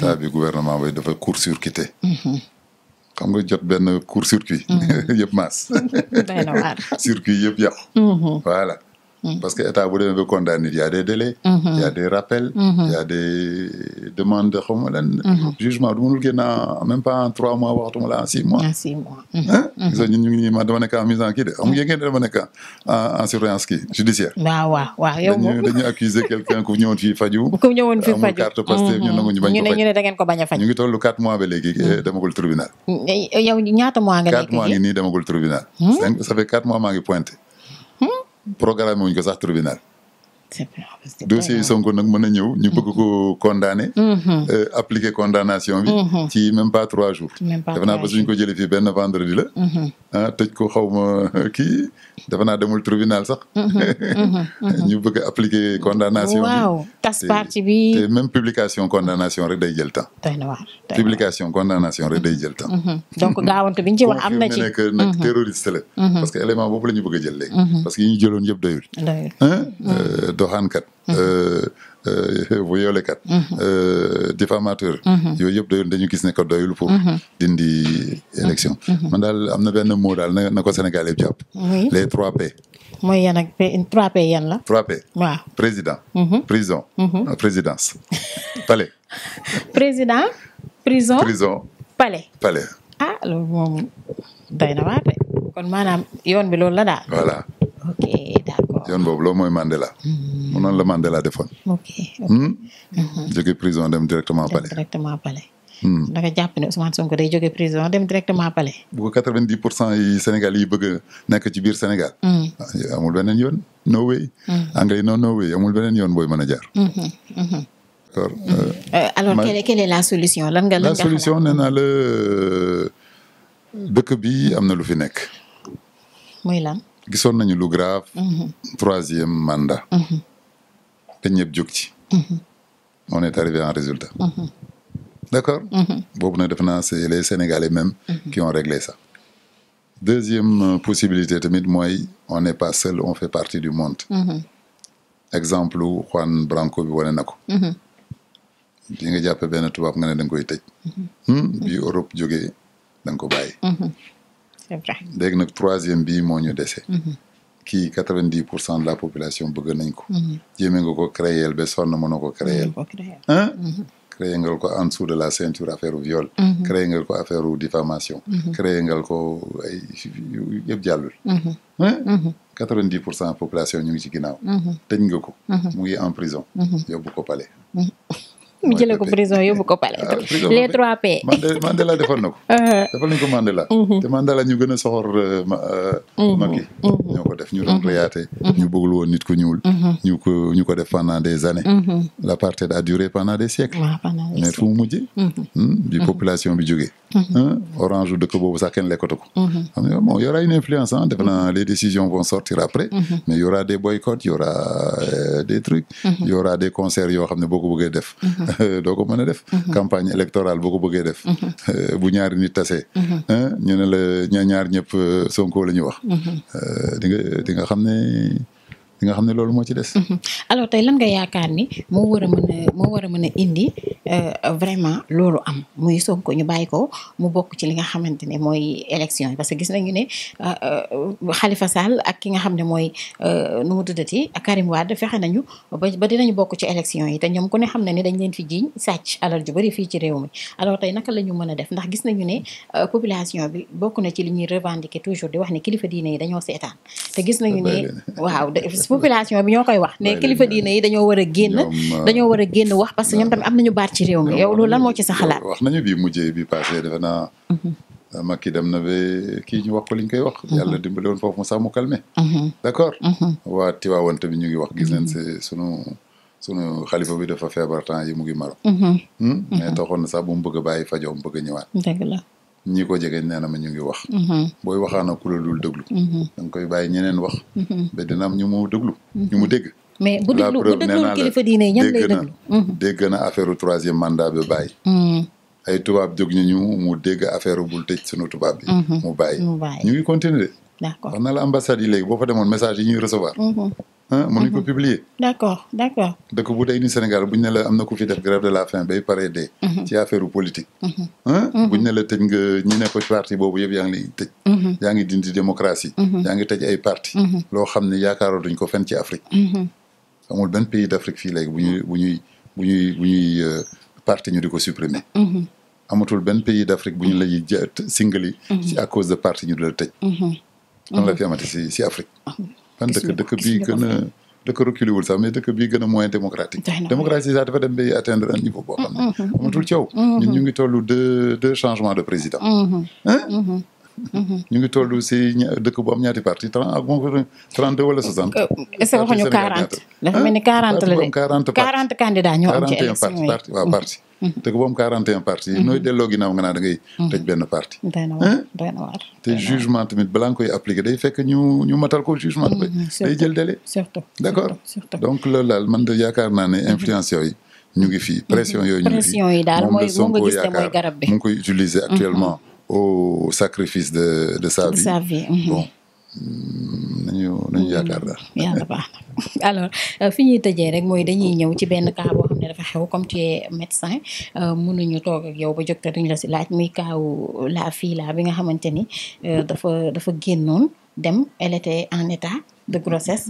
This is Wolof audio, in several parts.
état bi gouvernement bi dafa court-circuité. Mhm. xam nga jot benn court-circuit. Mhm. yëpp maas. circuit yëpp yàqu. Mhm. voilà. Mm. parce que état bu demee ba condamné il y a des délais. Mm-hmm. il y a des rappels. Mm-hmm. il y a des demandes xaw ma lan. Mm-hmm. jugement du mënul génn en même pas trois mois waxtu la six mois. en ñu ngi nii man dama nekk en de xam ngeen ngeen dama nekk faju. ñu da a faj. ñu ngi tollu quatre mois ba léegi eh, demagul tribunal. Eh, ñaata mois nga nekk nii tribunal. Hmm? ça quatre mois maa ngi programme wuñ ko sax tribunal dossier yi Sonko nag mën a ñëw ñu bëgg ko mm-hmm. condamné. Mm-hmm. Euh, appliquer condamnation bi. Mm-hmm. ci même pas trois jours. même naa ba suñ ko jële fii benn vendredi la. ah tëj ko xaw ma kii defe naa demul tribinal sax. ñu bëgg a appliquer condamnation bi. waaw tas parti bi te même publication condamnation rek day jël temps. publication condamnation rek day jël temps. donc gaawantu bi ñu ci wax bëgg a jël léegi. parce que yi ñu jëloon yëpp doyul. doxaankat violekat mhm. euh, euh, mhm. euh, diffamateur mhm. yooyu yëpp doyul dañu gis ne ko doyul pour dindi élection man daal am na benn mot daal na na ko Sénégal yëpp jàpp les trois P mooy yan ak trois P yan la trois P waaw président prison ah, prison prison palais palais ah loolu moom na waate kon maanaam yoon bi loolu la daal voilà ok yoon boobu loolu mooy Mandela. Hmm. mu noonu la Mandela defoon. ok hmm? uh-huh. jóge prison dem directement palais. directement palais. Hmm. da nga jàpp ne Ousmane Sonko day jóge prison dem directement palais. bu ko quatre vingt dix pour cent yi Sénégal yi bëgg a nekk ci biir Sénégal. Ah, amul beneen yoon no way. amul beneen yoon booy mën a jaar. alors quelle est la solution lan nga lan nga. la solution nee naa la euh, dëkk bi am na lu fi nekk. muy lan. gisoon nañu lu grave. Mm-hmm. troisième mandat. Mm-hmm. te ñëpp jóg ci. Mm-hmm. on est arrivé en résultat. d' accord. boobu nag def naa c' est les Sénégalais même. qui réglé ça. deuxième euh, possibilité tamit mooy on n'est pas seul on fait partie du monde. exemple Juan Branco bi wane na ko. bi nga jàppee benn tubaab nga ne da koy tëj. Hmm? bi Europe jógee da ko bàyyi. c'est vrai léegi nag troisième bii moo ñu dese. Mhm. kii quatre vingt dix pour cent de la population bëgg nañ ko. Mhm. jéeme nga ko créer ba sonn mën na ko créer. ah. créer mhm. ngal ko en dessous de la ceinture affaire u viol. créer ngal ko affaire u diffamation. ngal ko ay yëpp jàllul. quatre vingt dix pour cent population ñu ngi ci ginnaaw. tëj nga ko. mu ngi en prison. yóbbu ko palais. mu jëlee ko prison yóbbu ko palais. les trois P. Mandela defoon na ko. defal nañu ko Mandela. te Mandela ñu gën a soxor Macky. ñoo ko def ñu doon reyaate. ñu bëggul woon nit ku ñuul. ñu ko ñu ko def pendant des années. l'apartheid a duré pendant des siècles. mais fu mu bi population bi jógee. Mm-hmm. orange dëkk boobu sax kenn lekkatu ko. Mm-hmm. xam nga bon y aura une influence a defe naa mm-hmm. les décisions vont sortir après. mais y aura des boycotts y aura euh, des trucs. y aura des concerts yoo def. doo ko a def. campagne électorale boo ko def. Euh, bu ñaari nit ñu ne ñaar ñëpp euh, Sonko la wax. di nga li nga xam ne loolu moo ci des. Mhm. alors tey lan nga yaakaar ni moo war a mën moo war a mën a indi euh, vraiment loolu am muy Sonko ñu bàyyi ko mu bokk ci li nga xamante ne mooy élection yi que gis nañu ne euh, euh, Khalifa Sall ak ki nga xam ne mooy nu mu tuddati Karim Wade fexe nañu ba ba dinañu bokk ci élection yi te ñoom ku ne xam ne ne dañ leen fi jiiñ sàcc alal ju bëri fii ci réew mi alors tey naka la ñu mën a def ndax gis nañu ne population bi bokk na ci li ñuy revendiquer toujours di wax ne kilifa diine yi dañoo seetaan te gis nañu ne waaw population bi ñoo koy wax mais kilifa diine yi dañoo war a génn euh, dañoo war a génn wax parce que ñoom tamit am nañu baat ci réew mi yow loolu lan moo ci sa xalaat wax nañu bii mujjee bi passé defe naa mhm. euh, Macky dem na ba kii ñu wax ko li ñu koy wax mhm. yàlla dimbali woon foofu mu sax mu calmé mhm. d'accord waa Tiwaawan tamit ñu ngi wax gis leen sunu sunu xalifa bi dafa feebar temps yi mu maro hmm? mais taxoon na sax bu mu bëgg a bàyyi fajoo a ñi jege nee ma ñu ngi wax. Mhm. booy waxaana ku la dul déglu. Mhm. da nga wax. Mhm. ba dina am ñu mu déglu. ñu mu dégg. mais bu déglu bu déglu kilifa diine ñan lay déglu. dégg na affaire troisième mandat bi bàyyi. ay tubaab jóg ñu ñu mu dégg affaire bul tëj sunu tubaab bi. mu bàyyi ñu ngi continuer. d'accord wax la ambassade yi léegi boo fa demoon message yi ñuy recevoir. ah mënuñ mhm. ko publier. d' accord d' accord. dëkk bu day ni Sénégal buñ ne la am na ku fi def grève de la faim bay pare dee. Mhm. ci affaire politique. Mhm. buñ ne la tëj nga ñi ne ko parti boobu yëpp yaa ngi leen tëj. yaa ngi dindi démocratie. yaa ngi tëj ay parti loo xam ne yaakaaroo duñ ko fenn ci Afrique. amul benn pays d' Afrique fii léegi bu ñuy euh, ñu di ko supprimer. amatul benn pays d' Afrique bu ñu ci à cause de parti ñu di la tëj. lan la fi amati Afrique. Ah, lan dëkk dëkk bii gën a dëkk reculé wul sax mais dëkk bii gën a moins démocratique démocratie sax dafa dem bay atteindre un niveau boo xam ne mm-hmm, mm-hmm. amatul coow mm-hmm. ñun ñu ngi tollu deux deux changements de président hein ñu ngi toll si dëkk bu am ñaati parti trente deux wala soixante. Euh, est ce que waxuñu quarante. dafa mel ni quarante la de quarante candidats ñoo am ci élection yi waaw parti. te ku ba am 41 parti nooy delloo ginnaaw nga naa da ngay mhm. tëj benn parti te jugement tamit balaa nga koy appliquer day fekk ñu ñu matal ko jugement ba mhm, day jël délai surtout d'accord donc loolu daal man de yaakaar naa ne mhm. influence yooyu ñu ngi fii pression yooyu ñu ngi fii pression yi daal mooy moom nga gis mooy garab bi mu ngi koy utiliser actuellement au sacrifice de de sa nañu mm-hmm. yaakaar daal. yàlla baax na alors euh, fi ñuy tëjee rek mooy dañuy ñëw ci benn cas boo xam ne dafa xew comme tu es médecin euh, mënuñu toog yow ba jóg te duñ la si laaj muy kaaw la fii bi nga xamante ni euh, dafa dafa génnoon dem elle en état de grossesse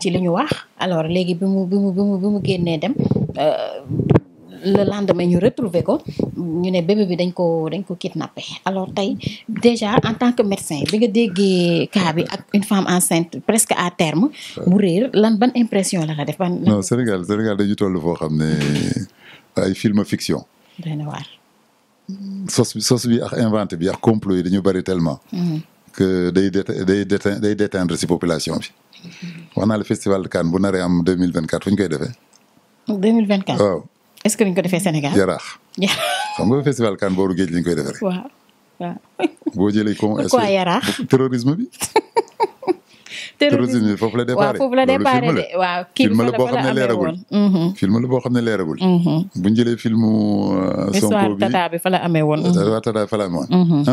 ci li ñu wax alors léegi bi mu bi mu bi mu bi mu génnee dem. le lendemain ñu retrouver ko ñu ne bébé bi dañ ko dañ ko kidnappé alors tey déjà en tant que médecin bi nga déggee cas bi ak une femme enceinte presque à terme mu réer lan ban impression la la def ban non Sénégal Sénégal dañu toll foo xam ne ay film fiction doy na waar sos bi sos bi ak inventé bi ak complot yi dañu bëri tellement mm-hmm. que day day day déteindre si population bi mm-hmm. wax naa festival de bu naree am fu ñu koy defee est-ce que dañ a defee Sénégal. Yaraax xam nga festival kan booru géej lañ koy defee. waaw boo jëlee con. pourquoi Yaraax terrorisme bi. terrorisme la départ waaw la départ de waaw mhm. film la boo xam ne leeragul. Mhm. film la boo xam ne leeragul. bu ñu jëlee filmu. Sonko bi tata bi fa la amee woon. Mhm. tata bi fa la amee ah,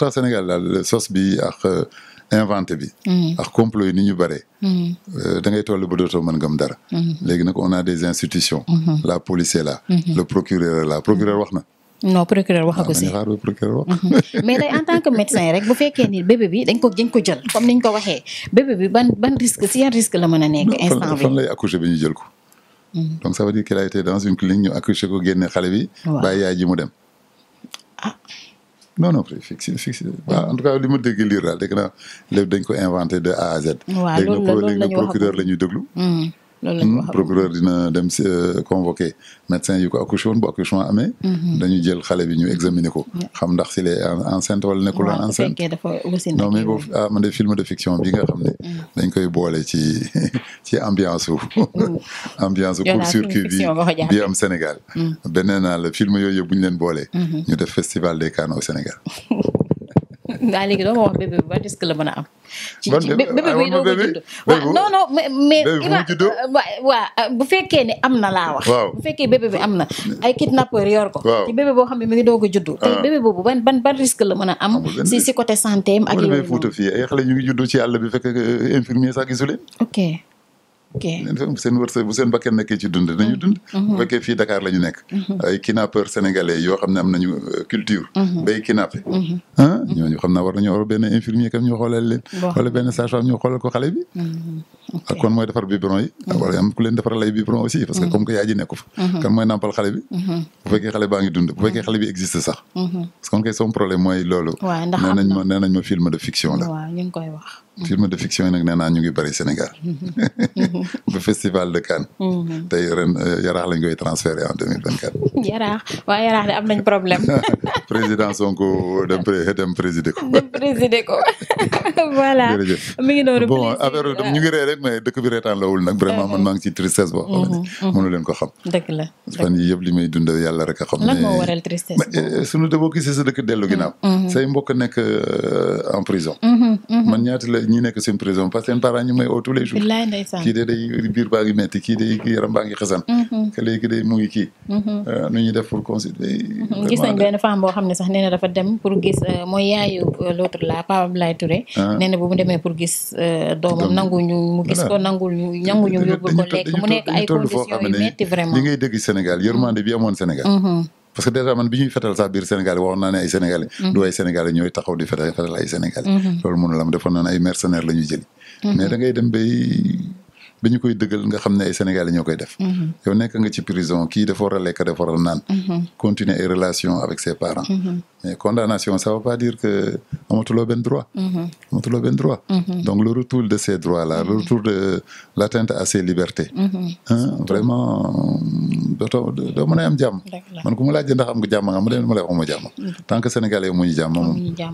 euh, Sénégal daal sos bi ak. Euh, inventé bi. Mhm. ak complot yi ni ñu bare. Mhm. Euh, da nga toll ba dootoo mën gëm dara. Mhm. léegi nag on a des institutions. la police la là. le procureur est procureur wax na. non procureur waxagu ah, si mais tey en tant que médecin rek bu fekkee ni bébé bi dañ ko dañ ko jël comme ko waxee bébé bi ban risque si yan risque la mën a instant bi fan lay accoucher bi ñu jël ko. donc ça veut dire qu'il a dans une clinique ñu accoucher ko génne xale bi. ba bàyyi yaay dem. Ah. non non fiction fiction waaw ah, en tout cas li ma dégg lire daal dégg naa lépp dañ ko inventé de A à na waaw loolu la loolu la ñuy déglu. Mm. loolu lañ hmm, wax procureur dina dem si euh, convoqué médecin yu ko accouché woon bu accouchement amee. Mhm. dañu jël xale bi ñu examiner ko. xam ndax si les enceinte wala nekkul woon enceinte non mais boobu ah man de film de fiction bi nga xam ne. Mm. dañ koy boole ci ambiance su. Mm. ambiance su court circuit bi bi am Sénégal. Mm. beneen naa la film yooyu yëpp bu ñu leen boole. Mm-hmm. ñu def festival des Cannes au Sénégal. waaw léegi doo ma wax bébé bi ban risque la mën a am. bébé bi doo ko judd waaw non bu fekkee ne am na laa wax. bu fekkee bébé bi am na ay kidnappeur yor ko. ci bébé boo xam ne mi ngi doo ko judd. tey ah. bébé boobu ban ban ban risque la mën a am. si si côté santé am ak yooyu noonu. bu demee Fouta ci àll bi fekk euh, infirmier sax gisu leen. ok. seen wërsëg bu seen bakkeen nekkee ci dund nañu dund mhm. Mhm. bu fekkee fii Dakar la nekk mhm. ay kidnappeurs sénégalais yoo xam ne am nañu euh, culture bay kidnappé ah ñooñu xam naa war nañoo war benn infirmier kam ñu xoolal leen wala benn sage ñu xoolal ko xale bi ak mooy defar biberon yi am ku leen defaral ay biberon aussi parce que comme que yaay problème mooy loolu nee nañ ma film de fiction la film de fiction yi nag nee naa ñu ngi bëri Sénégal. ba festival de Cannes. Mhm. tey ren euh, yaraax lañ koy transféré en deux vingt quatre. yaraax waaw yaraax de am nañ problème. président Sonko dem pré ko. dem a ko voilà. jërëjëf ñu ngi ree rek mais dëkk bi lawul nag vraiment man mhm. maa ngi ci tristesse boo xam mhm. xam. dëgg la fan yii yëpp li may dund yàlla rek a xam. lan moo waral tristesse boobu euh, suñu dëkk boo gisee sa dëkk say mbokk nekk euh, en prison. man ñaata la. bëri ñi nekk seen prison parce que seen parents ñu may tous les jours kii de day biir baa ngi metti kii day yaram baa ngi xasan que mm-hmm. léegi day mu ngi kii mm-hmm. euh, nu ñuy def pour considérer mm-hmm. gis xam ne sax nee dafa dem pour gis euh, mooy yaayu euh, l'autre là Pape Abdoulaye Touré ah. pour gis doomam nangu ñu mu gis ko nangul ñu nangu ñu yóbbul ko lekk mu nekk ay conditions yu metti vraiment li ngay dégg Sénégal yërmande bi amoon Sénégal parce que déjà man bi ñuy fetal sax biir Sénégal waxoon naa ne ay Sénégalais. Mm-hmm. du ay Sénégalais ñooy taxaw di fetal ay Sénégalais. Mm-hmm. loolu mënul am defoon naan ay mercenaires la jëli. Mm-hmm. mais da dem bay ba koy dëggal nga xam ne ay Sénégalais ñoo koy def. yow nekk nga ci prison kii dafa a lekk dafa a naan. continuer ay relations avec ses parents. mais condamnation ça veut pas dire que amatuloo benn droit. amatuloo benn droit. donc le retour de ces droits là le retour dootoo doo mën a am jàmm. man ku mu laajee ndax am nga jàmm nga ma leen ma lay wax ma jàmm. Mm. tant que sénégalais yi mu ñu jàmm moom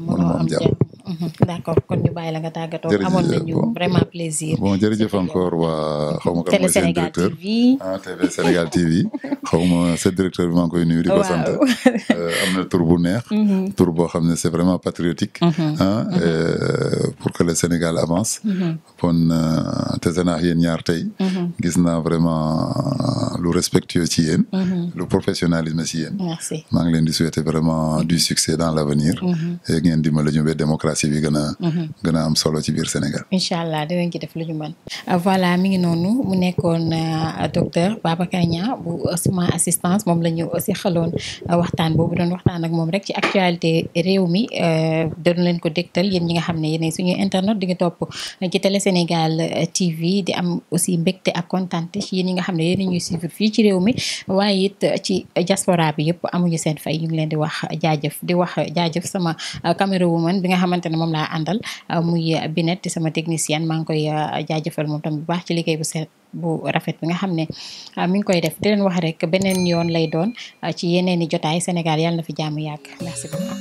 mënu ma am jàmm. Mm-hmm. d' accord kon ñu bàyyi la nga tàggatoo. amoon nañu vraiment plaisir. bon jërëjëf encore waa xaw ma kan mooy Sénégal ah, TV xaw ma seen directeur bi maa ngi koy nuyu. di ko sant euh, am bu neex. Mm-hmm. tur boo xam ne c' est vraiment patriotique. Mm-hmm. ah euh, pour que le Sénégal avance. kon euh, te naa yéen ñaar tey. gis vraiment lu respectueux ci yéen. lu professionnalisme ci yéen. merci maa ngi leen vraiment du succès dans l' avenir. ngeen dimbali ñu ba démocratie. démocratie bi gën a. Mhm. gën a ci biir Sénégal. incha allah dinañ ci def lu ñu mën. Euh, voilà mi ngi noonu mu nekkoon euh, docteur Babacar Niang bu Ousmane euh, assistance moom la ñu aussi xaloon waxtaan boobu doon waxtaan ak moom rek ci actualité réew mi doon leen ko dégtal yéen ñi nga xam ne yéen suñuy internet di nga topp ci télé Sénégal TV di am aussi mbégte ak kontaante ci yéen ñi nga xam ne yéen ñuy suivre fii ci réew mi waaye it ci diaspora bi yëpp amuñu seen fay ñu ngi leen di wax jaajëf di wax jaajëf sama caméra xamante ne moom laa àndal euh, muy binet di sama technicienne maa ngi koy euh, jaajëfal moom tamit bu baax ci liggéey bu set bu rafet bi nga xam ne euh, mi ngi koy def di leen wax rek beneen yoon lay doon ci yeneen i jotaay Sénégal yàlla na fi jaamu yàgg merci beaucoup